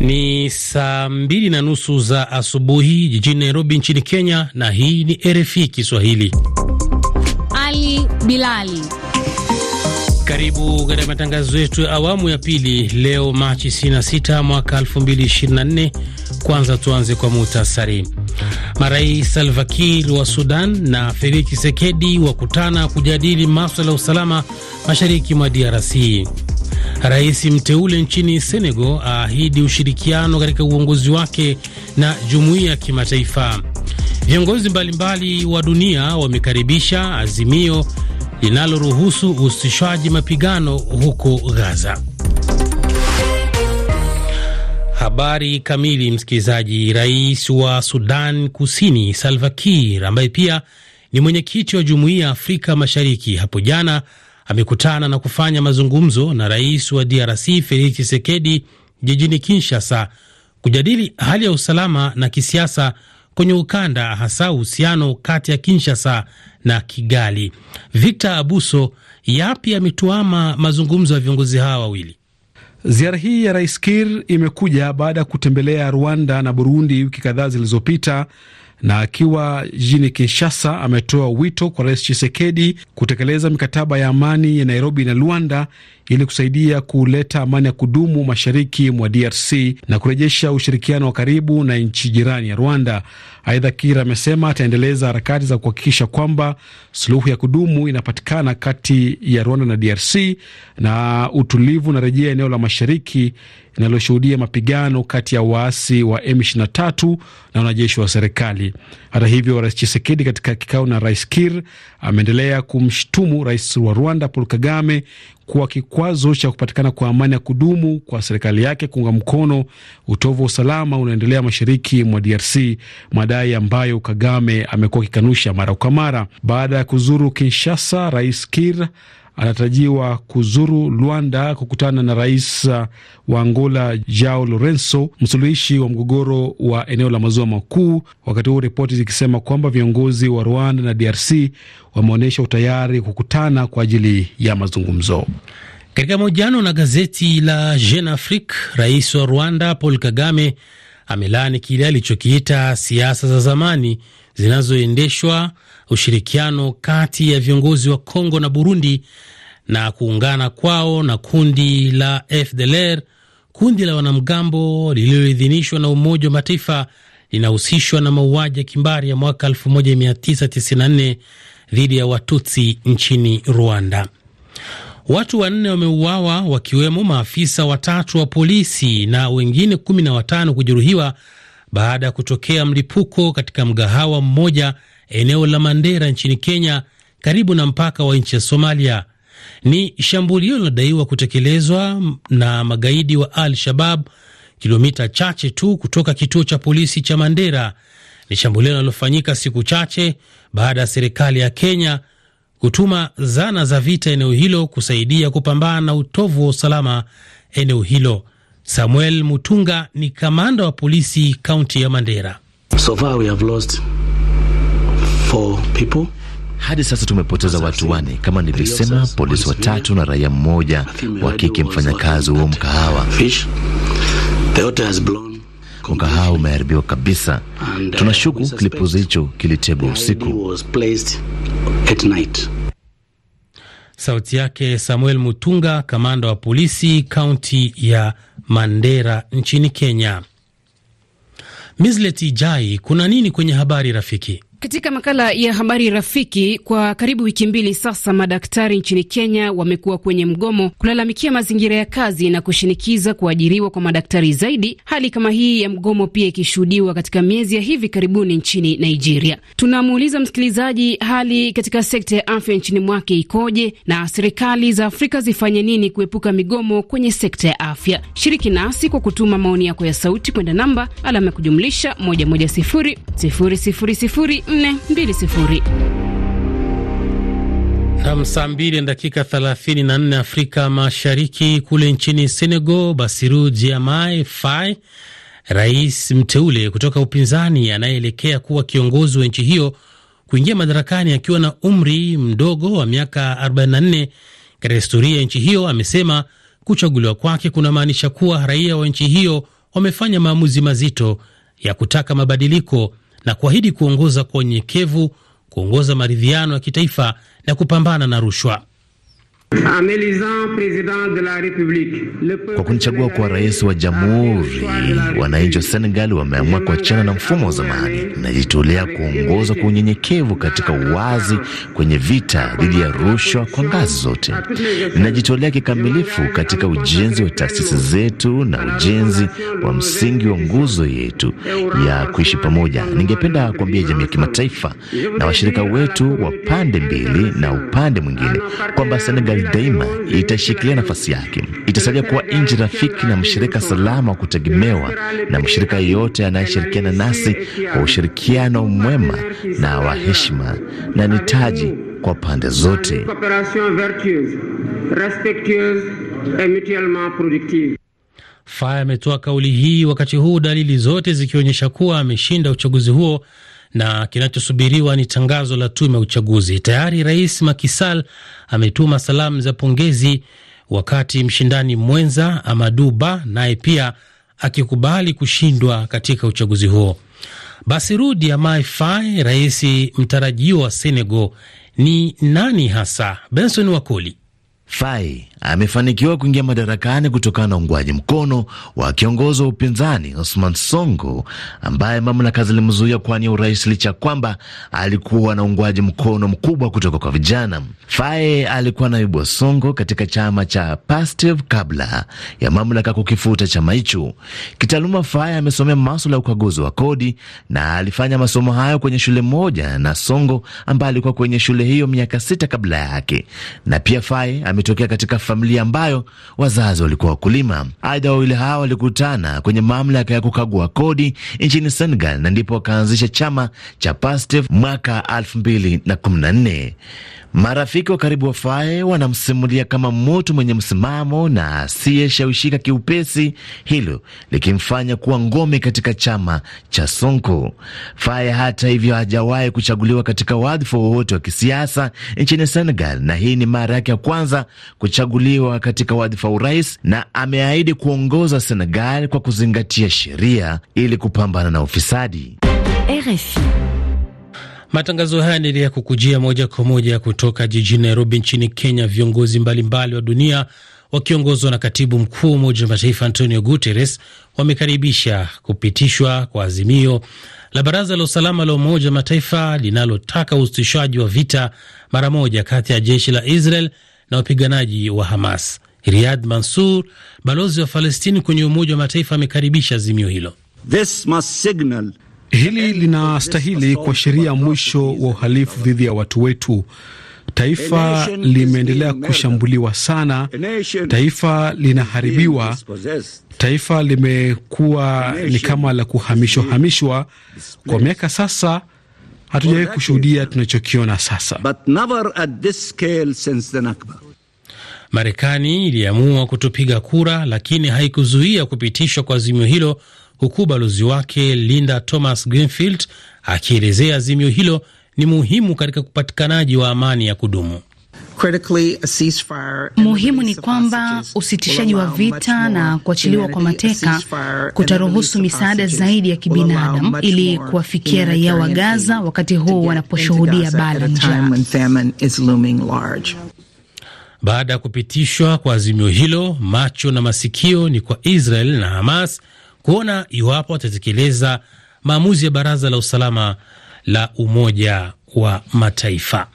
Ni saa mbili na nusu za asubuhi jijini Nairobi nchini Kenya, na hii ni RFI Kiswahili. Ali Bilali, karibu katika matangazo yetu ya awamu ya pili leo Machi 26 mwaka 2024. Kwanza tuanze kwa muhtasari. Marais Salva Kiir wa Sudan na Felix Tshisekedi wakutana kujadili maswala ya usalama mashariki mwa DRC. Rais mteule nchini Senegal aahidi ushirikiano katika uongozi wake na jumuiya ya kimataifa. Viongozi mbalimbali wa dunia wamekaribisha azimio linaloruhusu usitishaji mapigano huko Gaza. Habari kamili, msikilizaji. Rais wa Sudan Kusini Salva Kiir ambaye pia ni mwenyekiti wa Jumuiya ya Afrika Mashariki hapo jana amekutana na kufanya mazungumzo na rais wa DRC Felix Tshisekedi jijini Kinshasa kujadili hali ya usalama na kisiasa kwenye ukanda, hasa uhusiano kati ya Kinshasa na Kigali. Victor Abuso, yapi yametuama mazungumzo ya viongozi hawa wawili? Ziara hii ya Rais Kir imekuja baada ya kutembelea Rwanda na Burundi wiki kadhaa zilizopita, na akiwa jijini Kinshasa ametoa wito kwa Rais Chisekedi kutekeleza mikataba ya amani ya Nairobi na Luanda ili kusaidia kuleta amani ya kudumu mashariki mwa DRC na kurejesha ushirikiano wa karibu na nchi jirani ya Rwanda. Aidha, Kira amesema ataendeleza harakati za kuhakikisha kwamba suluhu ya kudumu inapatikana kati ya Rwanda na DRC na utulivu unarejea eneo la mashariki linaloshuhudia mapigano kati ya waasi wa M23 na wanajeshi wa serikali. Hata hivyo, Rais chisekedi katika kikao na Rais Kir ameendelea kumshutumu rais wa Rwanda Paul Kagame kuwa kikwazo cha kupatikana kwa amani ya kudumu kwa serikali yake kuunga mkono utovu wa usalama unaendelea mashariki mwa DRC, madai ambayo Kagame amekuwa akikanusha mara kwa mara. Baada ya kuzuru Kinshasa, Rais Kir anatarajiwa kuzuru Luanda kukutana na rais uh, wa Angola jao Lorenzo, msuluhishi wa mgogoro wa eneo la maziwa makuu, wakati huu ripoti zikisema kwamba viongozi wa Rwanda na DRC wameonyesha utayari kukutana kwa ajili ya mazungumzo. Katika mahojiano na gazeti la Jeune Afrique, rais wa Rwanda Paul Kagame amelaani kile alichokiita siasa za zamani zinazoendeshwa ushirikiano kati ya viongozi wa Kongo na Burundi na kuungana kwao na kundi la FDLR, kundi la wanamgambo lililoidhinishwa na Umoja wa Mataifa linahusishwa na mauaji ya kimbari ya mwaka 1994 dhidi ya Watutsi nchini Rwanda. Watu wanne wameuawa wakiwemo maafisa watatu wa polisi na wengine kumi na watano kujeruhiwa baada ya kutokea mlipuko katika mgahawa mmoja eneo la Mandera nchini Kenya, karibu na mpaka wa nchi ya Somalia. Ni shambulio linadaiwa kutekelezwa na magaidi wa Al Shabab kilomita chache tu kutoka kituo cha polisi cha Mandera. Ni shambulio linalofanyika siku chache baada ya serikali ya Kenya kutuma zana za vita eneo hilo kusaidia kupambana na utovu wa usalama eneo hilo. Samuel Mutunga ni kamanda wa polisi kaunti ya Mandera. So far we have lost four people. Hadi sasa tumepoteza watu wane, kama nilivyosema, polisi watatu na raia mmoja wa kike, mfanyakazi huo mkahawa. Mkahawa umeharibiwa kabisa. Uh, Tunashuku kilipuzi hicho kilitebwa usiku. Sauti yake Samuel Mutunga, kamanda wa polisi kaunti ya Mandera nchini Kenya. Mislet Ijai, kuna nini kwenye habari rafiki? Katika makala ya habari rafiki, kwa karibu wiki mbili sasa, madaktari nchini Kenya wamekuwa kwenye mgomo kulalamikia mazingira ya kazi na kushinikiza kuajiriwa kwa madaktari zaidi. Hali kama hii ya mgomo pia ikishuhudiwa katika miezi ya hivi karibuni nchini Nigeria. Tunamuuliza msikilizaji, hali katika sekta ya afya nchini mwake ikoje na serikali za Afrika zifanye nini kuepuka migomo kwenye sekta ya afya? Shiriki nasi kwa kutuma maoni yako ya sauti kwenda namba alama ya kujumlisha 1 Nam Saa mbili na dakika 34 Afrika Mashariki. Kule nchini Senegal, basiru Diomaye Faye, rais mteule kutoka upinzani anayeelekea kuwa kiongozi wa nchi hiyo, kuingia madarakani akiwa na umri mdogo wa miaka 44 katika historia ya nchi hiyo, amesema kuchaguliwa kwake kunamaanisha kuwa raia wa nchi hiyo wamefanya maamuzi mazito ya kutaka mabadiliko na kuahidi kuongoza kwa unyenyekevu, kuongoza maridhiano ya kitaifa na kupambana na rushwa. Kwa kunichagua kwa rais wa jamhuri, wananchi wa Senegali wameamua kuachana na mfumo wa zamani. Najitolea kuongoza kwa unyenyekevu katika uwazi kwenye vita dhidi ya rushwa kwa ngazi zote. Ninajitolea kikamilifu katika ujenzi wa taasisi zetu na ujenzi wa msingi wa nguzo yetu ya kuishi pamoja. Ningependa kuambia jamii ya kimataifa na washirika wetu wa pande mbili na upande mwingine kwamba Senegal Israel daima itashikilia nafasi yake, itasalia kuwa nchi rafiki na mshirika salama wa kutegemewa na mshirika yeyote anayeshirikiana nasi kwa ushirikiano mwema na wa heshima, na ni taji kwa pande zote. Faye ametoa kauli hii wakati huu dalili zote zikionyesha kuwa ameshinda uchaguzi huo na kinachosubiriwa ni tangazo la tume ya uchaguzi. Tayari Rais Makisal ametuma salamu za pongezi, wakati mshindani mwenza Amadu Ba naye pia akikubali kushindwa katika uchaguzi huo. basi Diomaye Faye, rais mtarajiwa wa Senegal, ni nani hasa? Benson Wakoli Fai amefanikiwa kuingia madarakani kutokana na uungwaji mkono wa kiongozi wa upinzani Osman Songo ambaye mamlaka zilimzuia kuwania urais licha kwamba alikuwa na uungwaji mkono mkubwa kutoka kwa vijana. Fai alikuwa naibu wa Songo katika chama cha Pastiv kabla ya mamlaka kukifuta chama hicho. Kitaaluma, Fai amesomea maswala ya ukaguzi wa kodi na alifanya masomo hayo kwenye shule moja na Songo ambaye alikuwa kwenye shule hiyo miaka sita kabla yake, na pia Fai ametokea katika familia ambayo wazazi walikuwa wakulima. Aidha, wawili hawa walikutana kwenye mamlaka ya kukagua kodi nchini Senegal na ndipo wakaanzisha chama cha Pastef mwaka 2014. Marafiki wa karibu wafae wanamsimulia kama mtu mwenye msimamo na asiyeshawishika kiupesi, hilo likimfanya kuwa ngome katika chama cha Sonko. Fae hata hivyo hajawahi kuchaguliwa katika wadhifa wowote wa kisiasa nchini Senegal, na hii ni mara yake ya kwanza kuchaguliwa katika wadhifa wa urais, na ameahidi kuongoza Senegal kwa kuzingatia sheria ili kupambana na ufisadi. RFI. Matangazo haya yanaendelea kukujia moja kwa moja kutoka jijini Nairobi nchini Kenya. Viongozi mbalimbali wa dunia wakiongozwa na katibu mkuu wa Umoja wa Mataifa Antonio Guterres wamekaribisha kupitishwa kwa azimio la Baraza la Usalama la Umoja wa Mataifa linalotaka usitishaji wa vita mara moja kati ya jeshi la Israel na wapiganaji wa Hamas. Riyad Mansur, balozi wa Palestini kwenye Umoja wa Mataifa, amekaribisha azimio hilo. This must signal Hili linastahili kuashiria mwisho wa uhalifu dhidi ya watu wetu. Taifa limeendelea kushambuliwa sana, taifa linaharibiwa, taifa limekuwa ni kama la kuhamishwa hamishwa kwa miaka sasa. Hatujawahi kushuhudia tunachokiona sasa. Marekani iliamua kutopiga kura, lakini haikuzuia kupitishwa kwa azimio hilo huku balozi wake Linda Thomas Greenfield akielezea azimio hilo ni muhimu katika upatikanaji wa amani ya kudumu. Muhimu ni kwamba usitishaji wa vita na kuachiliwa kwa mateka kutaruhusu misaada zaidi ya kibinadamu ili kuwafikia raia wa Gaza wakati huu wanaposhuhudia balaa njaa. Baada ya kupitishwa kwa azimio hilo, macho na masikio ni kwa Israel na Hamas kuona iwapo watatekeleza maamuzi ya Baraza la Usalama la Umoja wa Mataifa.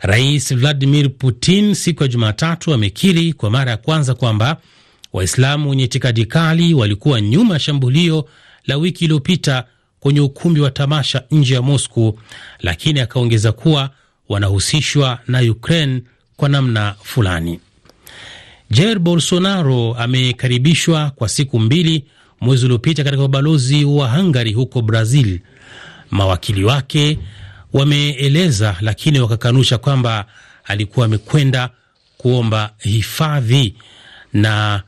Rais Vladimir Putin siku ya Jumatatu amekiri kwa mara ya kwanza kwamba Waislamu wenye itikadi kali walikuwa nyuma ya shambulio la wiki iliyopita kwenye ukumbi wa tamasha nje ya Moscow, lakini akaongeza kuwa wanahusishwa na Ukraine kwa namna fulani. Jair Bolsonaro amekaribishwa kwa siku mbili mwezi uliopita katika ubalozi wa Hungary huko Brazil. Mawakili wake wameeleza lakini wakakanusha kwamba alikuwa amekwenda kuomba hifadhi na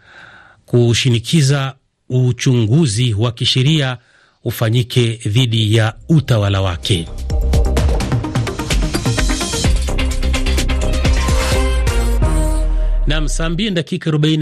kushinikiza uchunguzi wa kisheria ufanyike dhidi ya utawala wake. Nam saa mbili dakika arobaini.